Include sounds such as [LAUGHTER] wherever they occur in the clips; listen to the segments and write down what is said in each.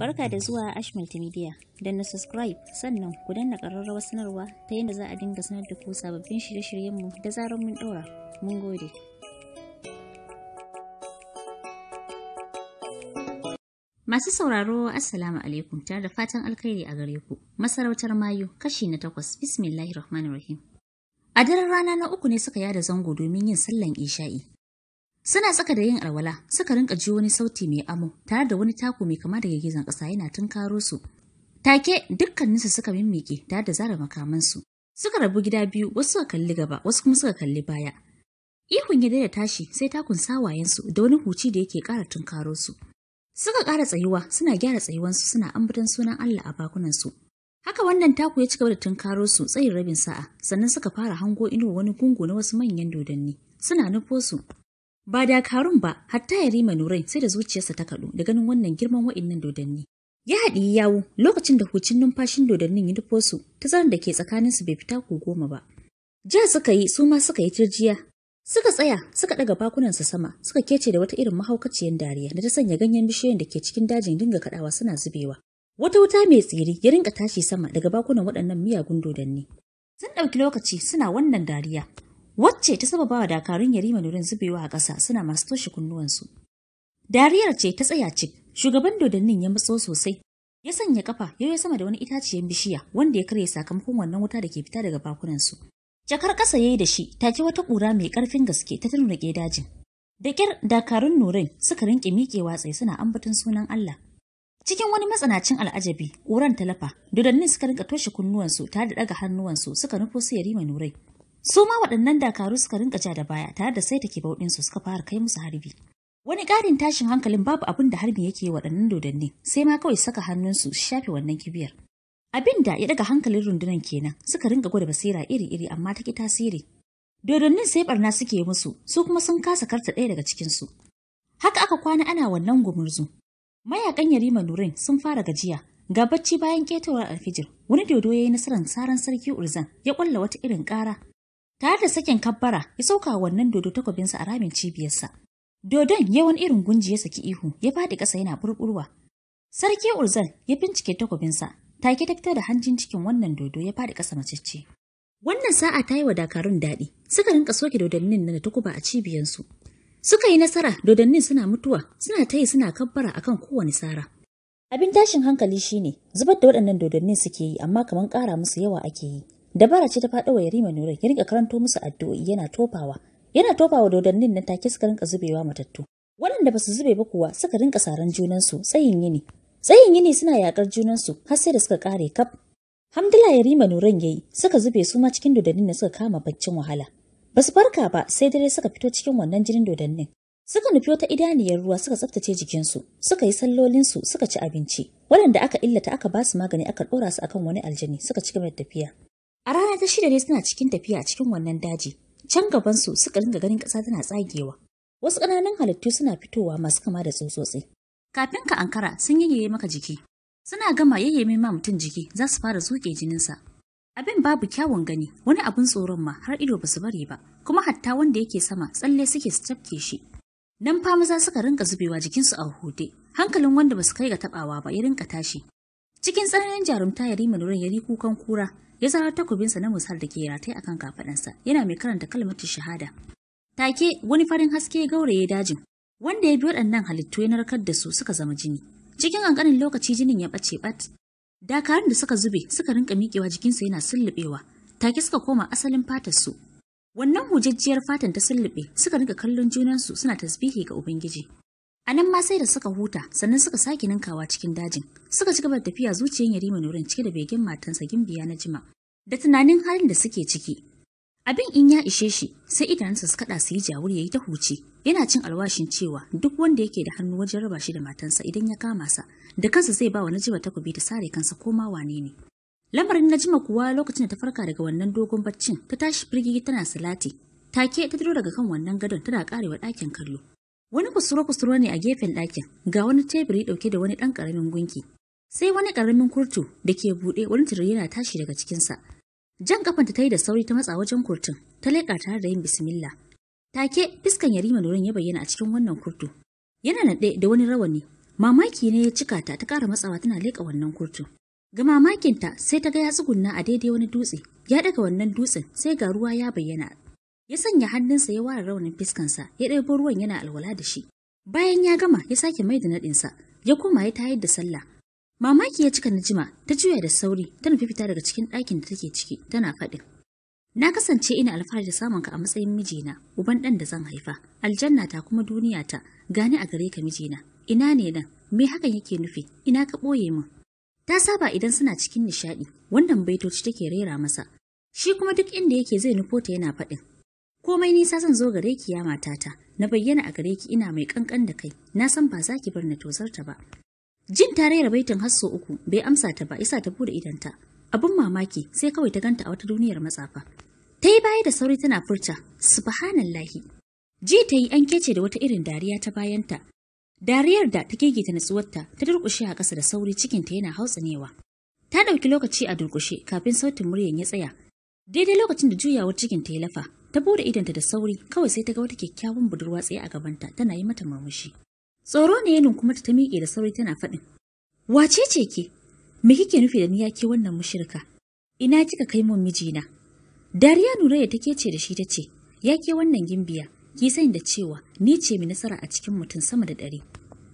Barka da zuwa Ash Multimedia. Don na subscribe sannan ku danna ƙararrawar sanarwa ta yadda za a dinga sanar da ku sababbin shirye-shiryenmu da zarar mun ɗora. Mun gode. Masu sauraro Assalamu alaikum tare da fatan alkhairi a gare ku. Masarautar Mayu kashi na takwas Bismillahirrahmanirrahim. A daren rana na uku ne suka yada zango domin yin sallan isha'i. Suna tsaka da yin alwala, suka rinka ji wani sauti mai amo, tare da wani taku mai kama da girgizan ƙasa yana tunkaro su. Take dukkaninsu suka mimmike tare da zara makamansu. Suka rabu gida biyu, wasu suka kalli gaba, wasu kuma suka kalli baya. Ihun ya da tashi sai takun sawayensu da wani huci da yake ƙara tunkaro su. Suka ƙara tsayuwa, suna gyara tsayuwansu suna ambaton sunan Allah a bakunansu. Haka wannan taku ya ci gaba da tunkaro su tsayin rabin sa'a, sannan suka fara hango inuwa wani gungu na wasu manyan dodanni. Suna nufo su, Ba dakarun ba, hatta ya rima Nurain sai da zuciyarsa ta kaɗu da ganin wannan girman wa'innan dodanni. Ya haɗi yawo lokacin da hucin numfashin dodannin ya nufo su, da ke tsakaninsu bai fita ko goma ba. Ja suka yi suma suka yi turjiya. Suka tsaya, suka ɗaga bakunansa sama, suka kece da wata irin mahaukaciyar dariya da ta sanya ganyen bishiyoyin da ke cikin dajin dinga kaɗawa suna zubewa. Wata wuta mai tsiri ya rinka tashi sama daga bakunan waɗannan miyagun dodanni. Sun ɗauki lokaci suna wannan dariya, wacce ta saba bawa dakarun yarima nurin zubewa a ƙasa suna masu toshe kunnuwansu. Dariyar ce ta tsaya cik, shugaban dodannin ya matso sosai, ya sanya kafa ya sama da wani itaciyar bishiya wanda ya karya sakamakon wannan wuta da ke fita daga bakunansu. Jakar ƙasa ya yi da shi, ta ki wata ƙura mai ƙarfin gaske ta tunnuƙe dajin. Da ƙyar dakarun nurin suka rinƙe miƙewa tsaye suna ambaton sunan Allah. Cikin wani matsanacin al'ajabi, ƙuran talafa, dodannin suka rinƙa toshe kunnuwansu tare da ɗaga hannuwansu suka nufo su yarima nurai. Su ma waɗannan dakaru suka rinka ja da baya tare da sai take bauɗinsu suka fara kai musu harbi. Wani ƙarin tashin hankalin babu abin da harbi yake yi waɗannan dodanni sai ma kawai saka hannunsu su shafe wannan kibiyar. Abin da ya daga hankalin rundunan kenan suka rinka gwada basira iri-iri amma ta ki tasiri. Dodannin sai barna suke musu su kuma sun kasa karta ɗaya daga cikinsu. Haka aka kwana ana wannan gumurzu. Mayakan Yarima Nurin sun fara gajiya ga bacci bayan ketowar alfijir wani dodo ya yi nasarar saran sarki Urzan ya ƙulla wata irin ƙara Tare da sakin kabbara ya sauka wannan dodo takobinsa a ramin cibiyarsa. Dodon yawan irin gunji ya saki ihu ya faɗi ƙasa yana burburwa. Sarki Urzan ya bincike takobinsa, take ta fito da hanjin cikin wannan dodo ya faɗi ƙasa mace-ce. Wannan sa'a ta yi wa dakarun daɗi, suka rinka soke dodannin da takuba a cibiyansu. Suka yi nasara dodannin suna mutuwa, suna tayi suna kabbara akan kowane sara. Abin tashin hankali shine zubar da waɗannan dodannin suke yi amma kamar ƙara musu yawa ake yi. dabara ce ta faɗa wa Yarima Nura ya rinka karanto musu addu'o'i yana tofawa yana tofawa dodannin na take suka rinka zubewa matattu waɗanda basu zube ba kuwa suka rinka saran junan su tsayin yini tsayin yini suna yakar junan su har sai da suka kare kaf Hamdala Yarima Nuran yayi suka zube su ma cikin dodannin da suka kama baccin wahala basu farka ba sai dare suka fito cikin wannan jinin dodannin suka nufi wata idaniyar ruwa suka tsaftace jikinsu suka yi sallolinsu suka ci abinci waɗanda aka illata aka basu magani aka ɗora su akan wani aljani suka ci gaba da tafiya A rana ta shida dai suna cikin tafiya a cikin wannan daji, can gabansu suka ringa ganin ƙasa tana tsagewa. Wasu ƙananan halittu suna fitowa masu kama da tsotsotsi. Kafin ka ankara sun yayyaye maka jiki. Suna gama yayyaye ma mutum jiki za su fara zuƙe jininsa. Abin babu kyawun gani, wani abin tsoron ma har ido basu bari ba, kuma hatta wanda yake sama tsalle suke su tafke shi. Nan fa maza suka rinka zubewa jikinsu a hude, hankalin wanda basu kai ga tabawa ba ya rinka tashi. Cikin tsananin jarumta ya rima nurin ya kukan kura, ya zara takobinsa na musal da ke rataye akan kafadansa yana mai karanta kalmatin shahada take wani farin haske gauraye dajin wanda ya bi waɗannan halittu ya narkar da su suka zama jini cikin ƙanƙanin lokaci jinin ya ɓace ɓat dakarun da suka zube suka rinka miƙewa jikinsu yana sulluɓewa take suka koma asalin fatar su wannan hujajjiyar fatan ta sulluɓe suka rinka kallon junansu suna tasbihi ga ubangiji a nan ma sai da suka huta sannan suka sake ninkawa cikin dajin suka ci gaba da tafiya zuciyar yarima nurin cike da begen matansa gimbiya na jima da tunanin halin da suke ciki. Abin in ya ishe shi sai idanunsa su kaɗa su yi jawur ya yi ta huce yana cin alwashin cewa duk wanda yake da hannu wajen raba shi da matansa idan ya kama sa da kansa zai ba wa Najima takobi ta sare kansa ko ma wane ne. Lamarin Najima kuwa lokacin da ta farka daga wannan dogon baccin ta tashi firgigi tana salati take ta tiro daga kan wannan gadon tana karewa ɗakin kallo. Wani kusuro kusuro ne a gefen ɗakin ga wani teburi ɗauke da wani ɗan ƙaramin gunki sai wani karamin kurtu da ke buɗe wani tire yana tashi daga cikinsa. Jan kafanta ta yi da sauri ta matsa wajen kurtun, ta leƙa tare da yin bismillah. Take fiskan Yarima Nurin ya bayyana a cikin wannan kurtu. Yana naɗe da wani rawani, mamaki ne ya cika ta ta ƙara matsawa tana leƙa wannan kurtu Ga mamakinta sai ta ga ya tsugunna a daidai wani dutse, ya daga wannan dutsen sai ga ruwa ya bayyana. Ya sanya hannunsa ya ware raunin fiskansa, ya ɗebo ruwan yana alwala da shi. Bayan ya gama ya sake mai da naɗinsa, ya koma ya tayar da sallah, Mamaki ya cika Najima, ta juya da sauri, ta nufi fita daga cikin ɗakin da take ciki, tana faɗin. Na kasance ina alfahari da samun ka a matsayin mijina, uban ɗan da zan haifa, aljanna ta kuma duniya ta, gani a gare ka mijina. Ina ne nan? Me hakan yake nufi? Ina ka ɓoye min? Ta saba idan suna cikin nishaɗi, wannan baitoci take rera masa. Shi kuma duk inda yake zai nufo ta yana faɗin. Komai nisa zan zo gare ki ya matata, na bayyana a gare ki ina mai ƙanƙan da kai, na san ba za ki bar na tozarta ba. Jin ta raira baitin har sau uku bai amsa ta ba isa ta bude idanta. Abin mamaki sai kawai ta ganta a wata duniyar matsafa. Ta yi baya da sauri tana furta, subhanallahi. Ji ta yi an kece da wata irin dariya ta bayanta. Dariyar da ta ta natsuwarta ta durƙushe a ƙasa da sauri cikin ta yana hautsinewa. Ta ɗauki lokaci a durƙushe kafin sautin muryar ya tsaya. Daidai lokacin da juyawar cikin ta ya lafa, ta bude idanta da sauri kawai sai ta ga wata kyakkyawan budurwa tsaye a gabanta tana yi mata murmushi. Tsoro ne ya kuma ta miƙe da sauri tana faɗin. Wace ce ke? Me kike nufi da ni ya ke wannan mushirka? Ina kika kai mun mijina? Dariya ya take ce da shi ta ce, ya ke wannan gimbiya, ki sani da cewa ni ce mai nasara a cikin mutum sama da ɗari.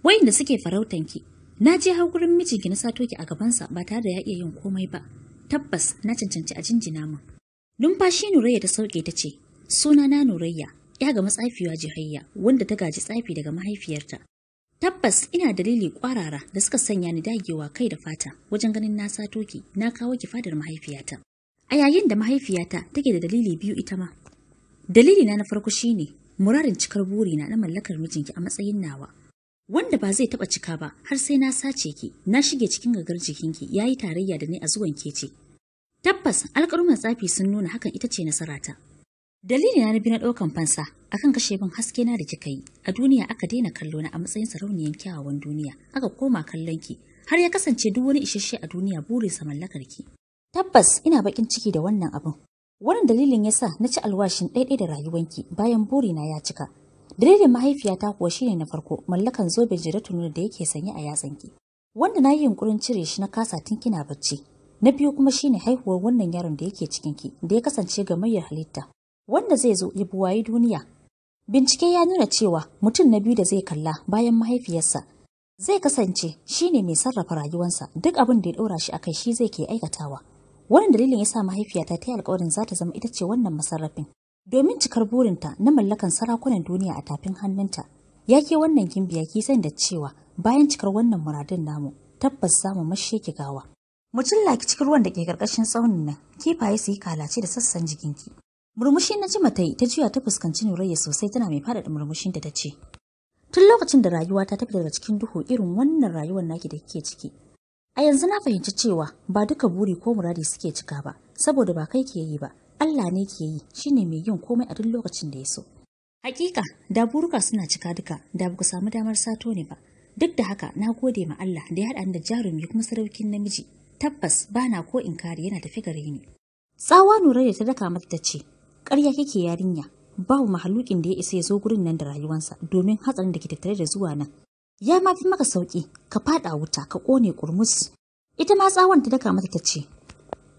Wayanda suke farautanki, na je har gurin mijinki na sato ki a gabansa ba tare da ya iya yin komai ba. Tabbas na cancanci a jinjina min. Numfashi ya ta sauke ta ce, suna na nurayya, ya ga matsafiya Jihayya wanda ta gaji tsafi daga mahaifiyarta. Tabbas ina dalili kwarara da suka sanya ni dagewa kai da fata wajen ganin na sato ki na kawo ki fadar mahaifiyata. A yayin da mahaifiyata take da dalili biyu ita ma. Dalili na na farko shine murarin cikar buri na na mallakar mijinki a matsayin nawa. Wanda ba zai taba cika ba har sai na sace ki, na shige cikin gagar jikinki yayi tarayya da ni a zuwan kece. Tabbas alƙaluman tsafi sun nuna hakan ita ce nasarata. Dalili na na bi na ɗaukan fansa akan kashe min haske na da kika yi a duniya aka daina kallo na a matsayin sarauniyar kyawawan duniya aka koma kallon ki har ya kasance duk wani isasshe a duniya sa mallakar ki tabbas ina bakin ciki da wannan abin wannan dalilin yasa na ci alwashin ɗaiɗai da rayuwanki bayan buri na ya cika dalilin mahaifiyata kuwa shine na farko mallakan zoben jiratunur da yake sanye a yatsan ki. wanda na yi yunkurin cire shi na kasa tun kina bacci na biyu kuma shine haihuwar wannan yaron da yake cikin ki, da ya kasance gamayyar halitta wanda zai zo ya buwayi duniya Bincike ya nuna cewa mutum na biyu da zai kalla bayan mahaifiyarsa zai kasance shi ne mai sarrafa rayuwarsa duk abin da ya ɗora shi a kai shi zai ke aikatawa. Wannan dalilin ya sa mahaifiyata ta yi alƙawarin za ta zama ita ce wannan masarrafin. Domin cikar burinta na mallakan sarakunan duniya a tafin hannunta, ya ke wannan gimbiya ki san da cewa bayan cikar wannan muradin namu tabbas za mu mashe ki gawa. Mutum laki cikin ruwan da ke ƙarƙashin tsaunin nan, kifaye su yi kalace da sassan jikinki. Murmushi na jima ta yi ta juya ta fuskanci Nurayya sosai tana mai faɗaɗa murmushin da ta ce. Tun lokacin da rayuwa ta tafi daga cikin duhu irin wannan rayuwar naki da kike ciki. A yanzu na fahimci cewa ba duka buri ko muradi suke cika ba, saboda ba kai ke yi ba, Allah ne ke yi, shine mai yin komai a duk lokacin da ya so. Hakika, da buruka suna cika duka, da ba ku samu damar sato ne ba. Duk da haka, na gode ma Allah da ya haɗa da jarumi kuma saraukin namiji. Tabbas, bana ko in kare yana tafi gare ni. Tsawa Nurayya ta daka mata ta ce, ƙarya kike yarinya babu mahalukin da ya isa ya zo gurin nan da rayuwansa domin hatsarin da ke tattare da zuwa nan ya ma fi maka sauƙi, ka faɗa wuta ka ƙone ƙurmus. ita ma tsawon ta daka mata ta ce.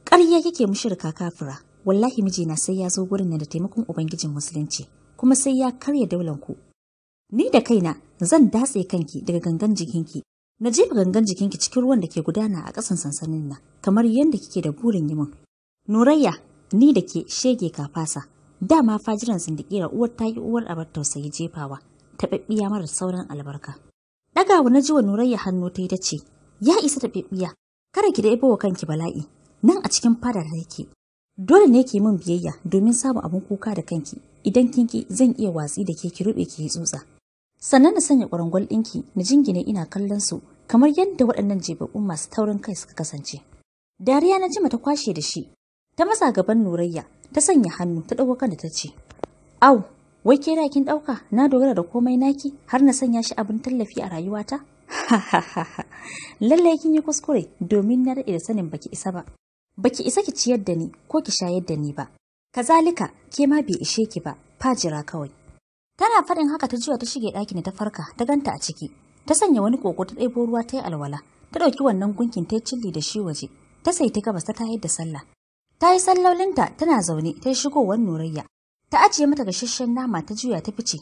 ƙarya kike mushirka kafira wallahi mijina sai ya zo gurin nan da taimakon ubangijin musulunci kuma sai ya karya daular ku ni da kaina zan datse kanki daga gangan jikinki na jefa gangan jikinki cikin ruwan da ke gudana a ƙasan sansanin nan kamar yadda kike da burin yi min Nurayya ni da ke shege kafasa dama fajiran sindikira uwar ta yi uwar abar tausayi jefawa taɓaɓɓiya mara sauran albarka ɗagawa na jiwa nurayya hannu ta yi ta ce ya isa taɓaɓɓiya kada ki da ibo wa kanki bala'i nan a cikin fadar da yake dole ne ki min biyayya domin samun abin kuka da kanki idan kinki zan iya watsi da ke ki rube ki yi tsutsa sannan na sanya ƙwarangwal ɗinki na jingine ina kallon su kamar yadda waɗannan jebabbun masu taurin kai suka kasance dariya na jima ta kwashe da shi ta matsa gaban nurayya ta sanya hannu ta ɗauko kanta ta ce au wai kera kin ɗauka na dogara da komai naki har na sanya shi abin tallafi a rayuwata [LAUGHS] lallai kin yi kuskure domin na daɗe da sanin baki isa ba baki isa ki ciyar da ni ko ki shayar da ni ba kazalika ke ma bai ishe ki ba fajira kawai tana faɗin haka ta juya ta shige ɗakin da ta farka ta ganta a ciki ta sanya wani koko ta ɗebo ruwa ta yi alwala ta ɗauki wannan gunkin ta cilli da shi waje ta sai ta gabas ta tayar da sallah Ta yi sallolinta tana zaune ta yi shigowar Nurayya. Ta ajiye mata gasasshen nama ta juya ta fice.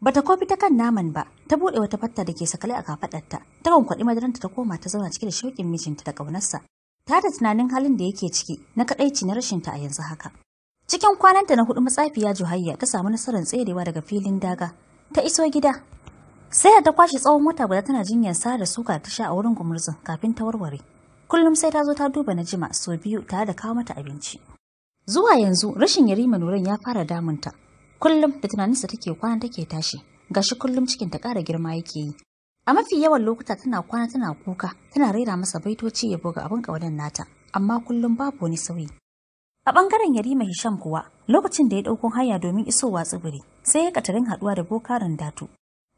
Bata kofi ta kan naman ba, ta buɗe wata fatta da ke sakale a kafaɗarta. Ta kwankwaɗi madaranta ta koma ta zauna cike da shauƙin mijinta da ƙaunarsa. Ta da tunanin halin da yake ciki na kaɗaici na rashinta a yanzu haka. Cikin kwananta na hudu matsafiya Juhayya ta samu nasarar tserewa daga filin daga. Ta iso gida. Sai da ta kwashe tsawon mota guda tana jinyar sa da suka ta sha a wurin gumurzun kafin ta warware. kullum sai ta zo ta duba na jima sau biyu tare da kawo mata abinci. Zuwa yanzu rashin yarima nuran ya fara damunta. Kullum da tunaninsa take kwana take tashi, gashi kullum cikin ta ƙara girma yake yi. A mafi yawan lokuta tana kwana tana kuka, tana raira masa baitoci ya buga abin ƙaunar nata, amma kullum babu wani sauyi. A ɓangaren Yarima Hisham kuwa, lokacin da ya ɗauko haya domin isowa tsibiri, sai ya katarin haɗuwa da bokarin datu,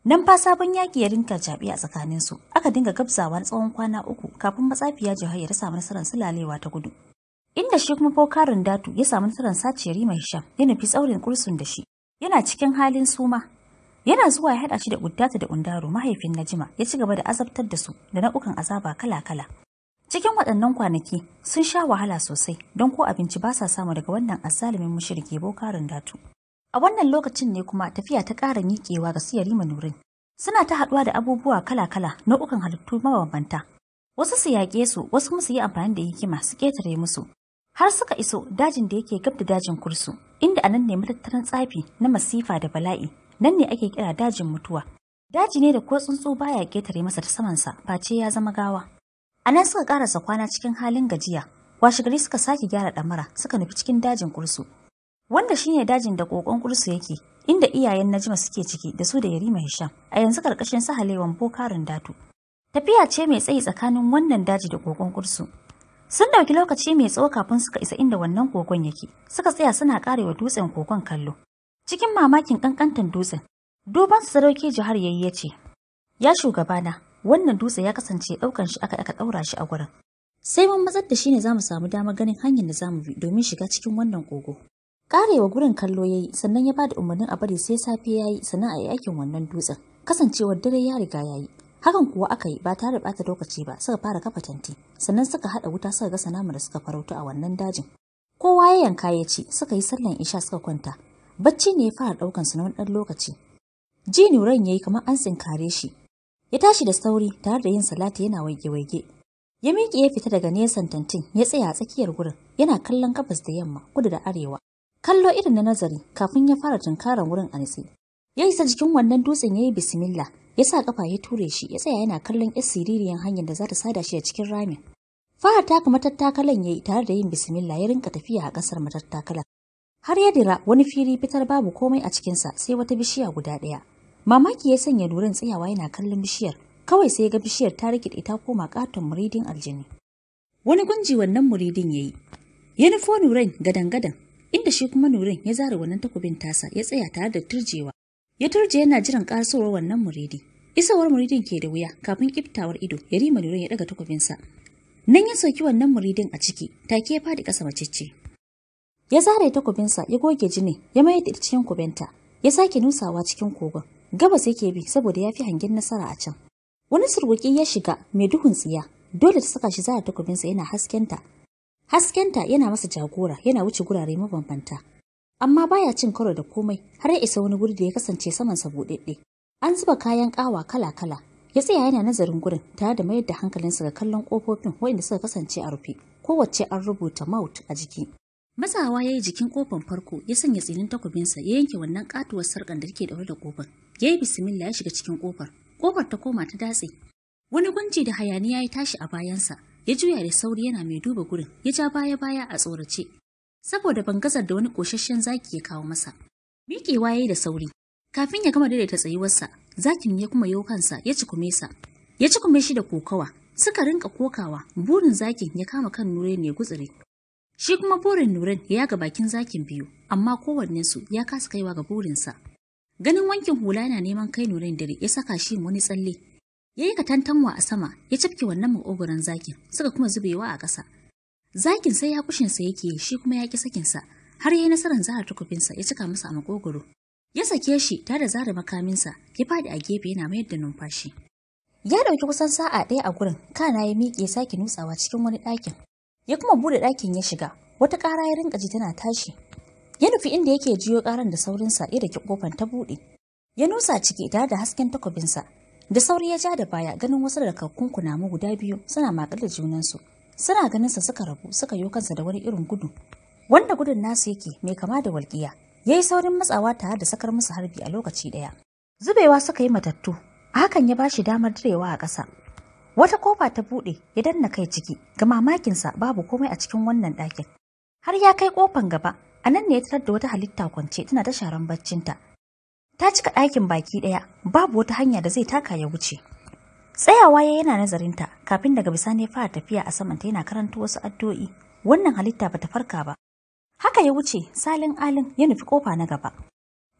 Nan fa sabon yaki ya rinka jabi a tsakaninsu, aka dinga gabzawa na tsawon kwana uku kafin matsafiya Jihar ya samu nasarar sulalewa ta gudu. Inda shi kuma fokarin Datu ya samu nasarar sace mai Hisham ya nufi tsaurin kursun da shi. Yana cikin halin suma. Yana zuwa ya haɗa shi da Uddata da Undaro mahaifin Najima ya ci gaba da azabtar da su da nau'ukan azaba kala-kala. Cikin waɗannan kwanaki sun sha wahala sosai don ko abinci ba sa samu daga wannan azzalumin mushirki Bokarin Datu. A wannan lokacin ne kuma tafiya ta ƙara miƙewa ga siyari Yarima Suna ta haɗuwa da abubuwa kala-kala nau'ukan halittu mabambanta. Wasu su yaƙe su, wasu kuma su yi amfani da hikima su ƙetare musu. Har suka iso dajin da yake gab da dajin kursu, inda a nan ne matattaran tsafi na masifa da bala'i, nan ne ake kira dajin mutuwa. Daji ne da ko tsuntsu baya ƙetare masa ta samansa, face ya zama gawa. A nan suka ƙarasa kwana cikin halin gajiya, washe suka sake gyara ɗamara suka nufi cikin dajin kursu wanda shine dajin da kokon kursu yake inda iyayen Najma suke ciki da su da Yarima Hisham a yanzu karkashin sahalewan Bokarin Datu. Tafiya ce mai tsayi tsakanin wannan daji da kokon kursu. Sun dauki lokaci mai tsawo kafin suka isa inda wannan kokon yake. Suka tsaya suna karewa dutsen kokon kallo. Cikin mamakin kankantan dutsen, duban su sarauke jihar yayi ya ce, "Ya shugabana, wannan dutse ya kasance daukan shi aka aka daura shi a gurin." Sai mun matsar da shi ne za samu damar ganin hanyar da zamu bi domin shiga cikin wannan kogo. Karewa gurin kallo yayi sannan ya bada umarnin a bari sai safe yayi sannan a yi aikin wannan dutsen. Kasancewar dare ya riga yayi. Hakan kuwa aka yi ba tare da bata lokaci ba suka fara kafa tanti sannan suka haɗa wuta suka gasa sanamu da suka farauta a wannan dajin. Kowa ya yanka ya ci suka yi sallan isha suka kwanta. Bacci ne ya fara ɗaukan su na wani ɗan lokaci. Ji Nuran yayi kamar an tsinkare shi. Ya tashi da sauri tare da yin salati yana waige-waige Ya miƙe ya fita daga nesan tantin ya tsaya a tsakiyar gurin yana kallon gabas da yamma kudu da arewa kallo irin na nazari kafin ya fara tunkaran wurin anitsi ya isa jikin wannan dutsen ya yi bismillah ya sa kafa ya ture shi ya tsaya yana kallon yar siririyan hanyar da za ta sada shi a cikin ramin fara taka matattakalan yi tare da yin bismillah ya rinka tafiya a ƙasar matattakalan har ya dira wani fili fitar babu komai a cikinsa sai wata bishiya guda ɗaya mamaki ya sanya nurin tsayawa yana kallon bishiyar kawai sai ga bishiyar ta rikide ta koma katon muridin aljini wani gunji wannan muridin yayi ya nufo nuren gadan-gadan inda shi kuma nurin ya zare wannan takubin tasa ya tsaya tare da turjewa ya turje yana jiran kasowar wannan muridi isawar muridin ke da wuya kafin kiftawar ido ya rima nurin ya daga sa nan ya soki wannan muridin a ciki take ya fadi kasa macicce ya zare takubinsa ya goge jini ya mayar da cikin kubenta ya sake nusawa cikin kogon gabas yake bi saboda ya fi hangen nasara a can wani surwuki ya shiga mai duhun tsiya dole ta saka shi takubin sa yana haskenta Haskenta yana masa jagora yana wuce gurare mabambanta. Amma baya cin karo da komai har ya isa wani wuri da ya kasance saman sa buɗeɗɗe. An zuba kayan ƙawa kala-kala. Ya tsaya yana nazarin gurin tare da mayar da hankalinsa ga kallon kofofin waɗanda suka kasance a rufe. kowace an rubuta maut a jiki. Matsawa ya yi jikin kofan farko ya sanya tsinin takobinsa ya yanke wannan katuwar sarkan da take daure da kofar. Ya yi bismillah ya shiga cikin kofar. Kofar ta koma ta datse. Wani gunji da hayaniya ya tashi a bayansa. ya juya da sauri yana mai duba gurin ya ja baya baya a tsorace saboda ban gazar da wani koshashen zaki ya kawo masa miƙewa yayi da sauri kafin ya gama daidaita tsayuwarsa zakin ya kuma yo kansa ya kume sa ya ci kume shi da kokawa suka rinka kokawa burin zakin ya kama kan nure ne gutsire shi kuma burin nuren ya ga bakin zakin biyu amma kowanne su ya kasa kaiwa ga burinsa ganin wankin hula yana neman kai nuren dare ya saka shi wani tsalle Ya yi katantanwa a sama, ya cafke wannan maƙogoron zakin, suka kuma zubewa a ƙasa. Zakin sai ya kushinsa yake shi kuma ya ƙi sakinsa, har ya yi nasarar zara tukufinsa ya cika masa a maƙogoro. Ya sake shi tare da zara makaminsa, ya faɗi a gefe yana mayar da numfashi. Ya ɗauki kusan sa'a ɗaya a gurin, kana ya miƙe ya sake nutsawa cikin wani ɗakin. Ya kuma buɗe ɗakin ya shiga, wata ƙara ya rinƙa ji tana tashi. Ya nufi inda yake jiyo ƙaran da saurinsa ya daki ƙofar ta buɗe. Ya nusa ciki tare da hasken takobinsa, da sauri ya ja da baya ganin wasu da kakkun mu guda biyu suna makar da junansu suna ganin sa suka rabu suka yi kansa da wani irin gudu wanda gudun nasu yake mai kama da walƙiya yayi saurin matsawa tare da sakar musu harbi a lokaci daya zubewa suka yi matattu hakan ya bashi damar direwa a ƙasa wata kofa ta buɗe ya danna kai ciki ga mamakinsa babu komai a cikin wannan ɗakin har ya kai kofan gaba a nan ne ya tarar da wata halitta kwance tana ta sharan baccinta ta cika ɗakin baki ɗaya babu wata hanya da zai taka ya wuce tsayawa ya yana nazarinta kafin daga bisani ya fara tafiya a saman ta yana karanta wasu addu'o'i wannan halitta bata farka ba haka ya wuce salin alin ya nufi kofa na gaba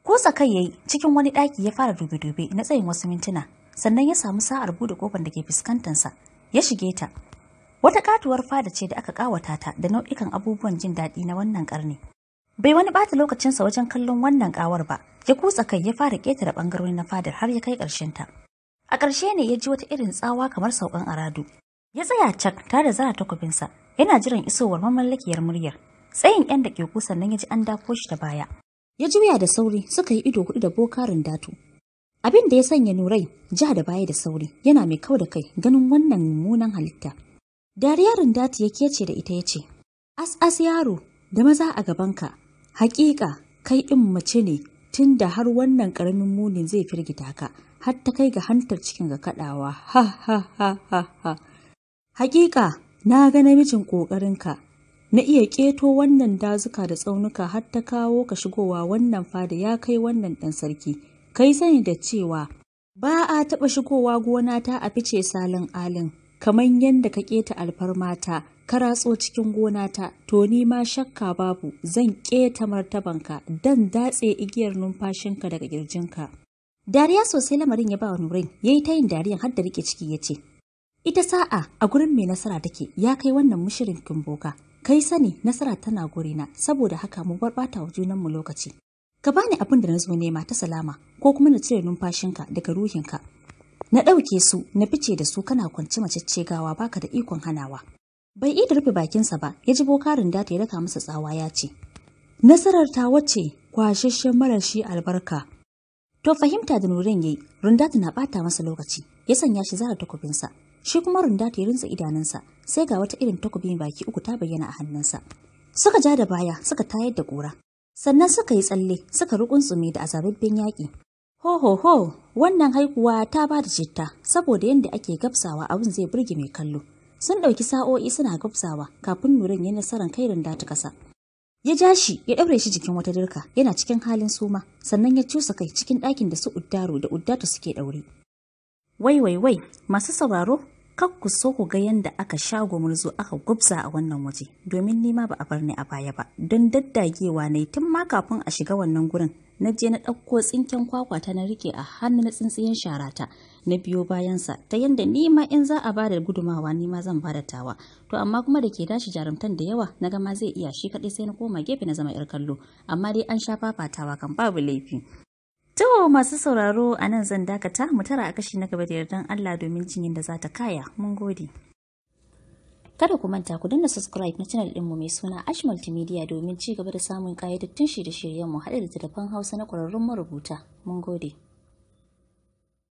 ko tsakai yayi cikin wani ɗaki ya fara dube-dube na tsayin wasu mintuna sannan ya samu sa'ar bude kofar da ke fuskantar sa ya shige ta wata katuwar fada ce da aka kawata ta da nau'ikan abubuwan jin daɗi na wannan karni Bai wani bata lokacinsa wajen kallon wannan ƙawar ba, ya kutsa kai ya fara ƙetare ɓangarori na fadar har ya kai ƙarshen ta. A ƙarshe ne ya ji wata irin tsawa kamar saukan aradu. Ya tsaya cak tare da zara takobinsa, yana jiran isowar mamallakiyar muryar. Tsayin ƴan da ke sannan ya ji an dako shi da baya. Ya juya da sauri suka yi ido hudu da bokarin datu. Abin da ya sanya Nurai ja da baya da sauri yana mai kau da kai ganin wannan mummunan halitta. Dariya rindati ya kece da ita ya ce, As as yaro da maza a gabanka Hakika kai in mace ne tun da har wannan ƙaramin munin zai firgita ka har ta kai ga hantar cikin ga kaɗawa ha ha ha ha Hakika na ga namijin ka na iya ƙeto wannan dazuka da tsaunuka har ta kawo ka shigowa wannan fada ya kai wannan ɗan sarki kai sani da cewa ba a taɓa shigowa gona ta a fice salin alin kamar yadda ka keta alfarmata ka ratso cikin gonata to ni ma shakka babu zan keta martabanka dan datse igiyar numfashinka daga ka. dariya sosai lamarin ya ba wa nurin yi ta yin dariyan har da rike ciki ya ce ita sa'a a gurin mai nasara take ya kai wannan mushirin boka kai sani nasara tana na, saboda haka mu barbata wa junanmu lokaci ka bani abin da na zo nema ta salama ko kuma na cire numfashinka daga ruhinka na ɗauke su na fice da su kana kwance mace gawa baka da ikon hanawa bai yi da rufe bakinsa ba ya ji bokarin da ta raka masa tsawa ya ce nasarar ta wace kwashashen marar shi albarka to fahimta da nurin yayi runda na bata masa lokaci ya sanya shi zara takobinsa shi kuma runda ya rinsa idanunsa sai ga wata irin takobi baki uku ta bayyana a hannunsa suka ja da baya suka tayar da kura sannan suka yi tsalle suka rukun tsumi da azababben yaƙi Ho ho ho, wannan haikuwa ta ba da citta saboda yadda ake gabsawa abin zai burge mai kallo. Sun ɗauki sa'o'i suna gabsawa kafin nurin ya nasarar kai randa ta kasa. Ya ja shi ya ɗaure shi jikin wata dirka yana cikin halin suma sannan ya cusa kai cikin ɗakin da su uddaro da uddata suke ɗaure. Wai wai wai masu sauraro Kar ku so ku ga yadda aka shago murzo aka gubza a wannan waje domin nima ba a bar ni a baya ba don daddagewa ne tun ma kafin a shiga wannan gurin na je na ɗauko tsinken kwakwa ta na rike a hannu na tsintsiyen sharata na biyo bayansa ta yadda ni ma in za a ba da gudumawa ni ma zan ba da tawa to amma kuma da ke dashi jarumtan da yawa na gama zai iya shi kaɗai sai na koma gefe na zama yar kallo amma dai an sha fafatawa kan babu laifi To masu sauraro a nan zan dakata mu tara a kashi na gaba da yardan Allah domin jin da za ta kaya mun gode. Kada ku manta ku danna subscribe na channel ɗinmu mai suna Ash Multimedia domin ci gaba da samun ƙayyadattun shirye-shiryenmu haɗe da tafan Hausa na ƙwararrun marubuta. Mun gode.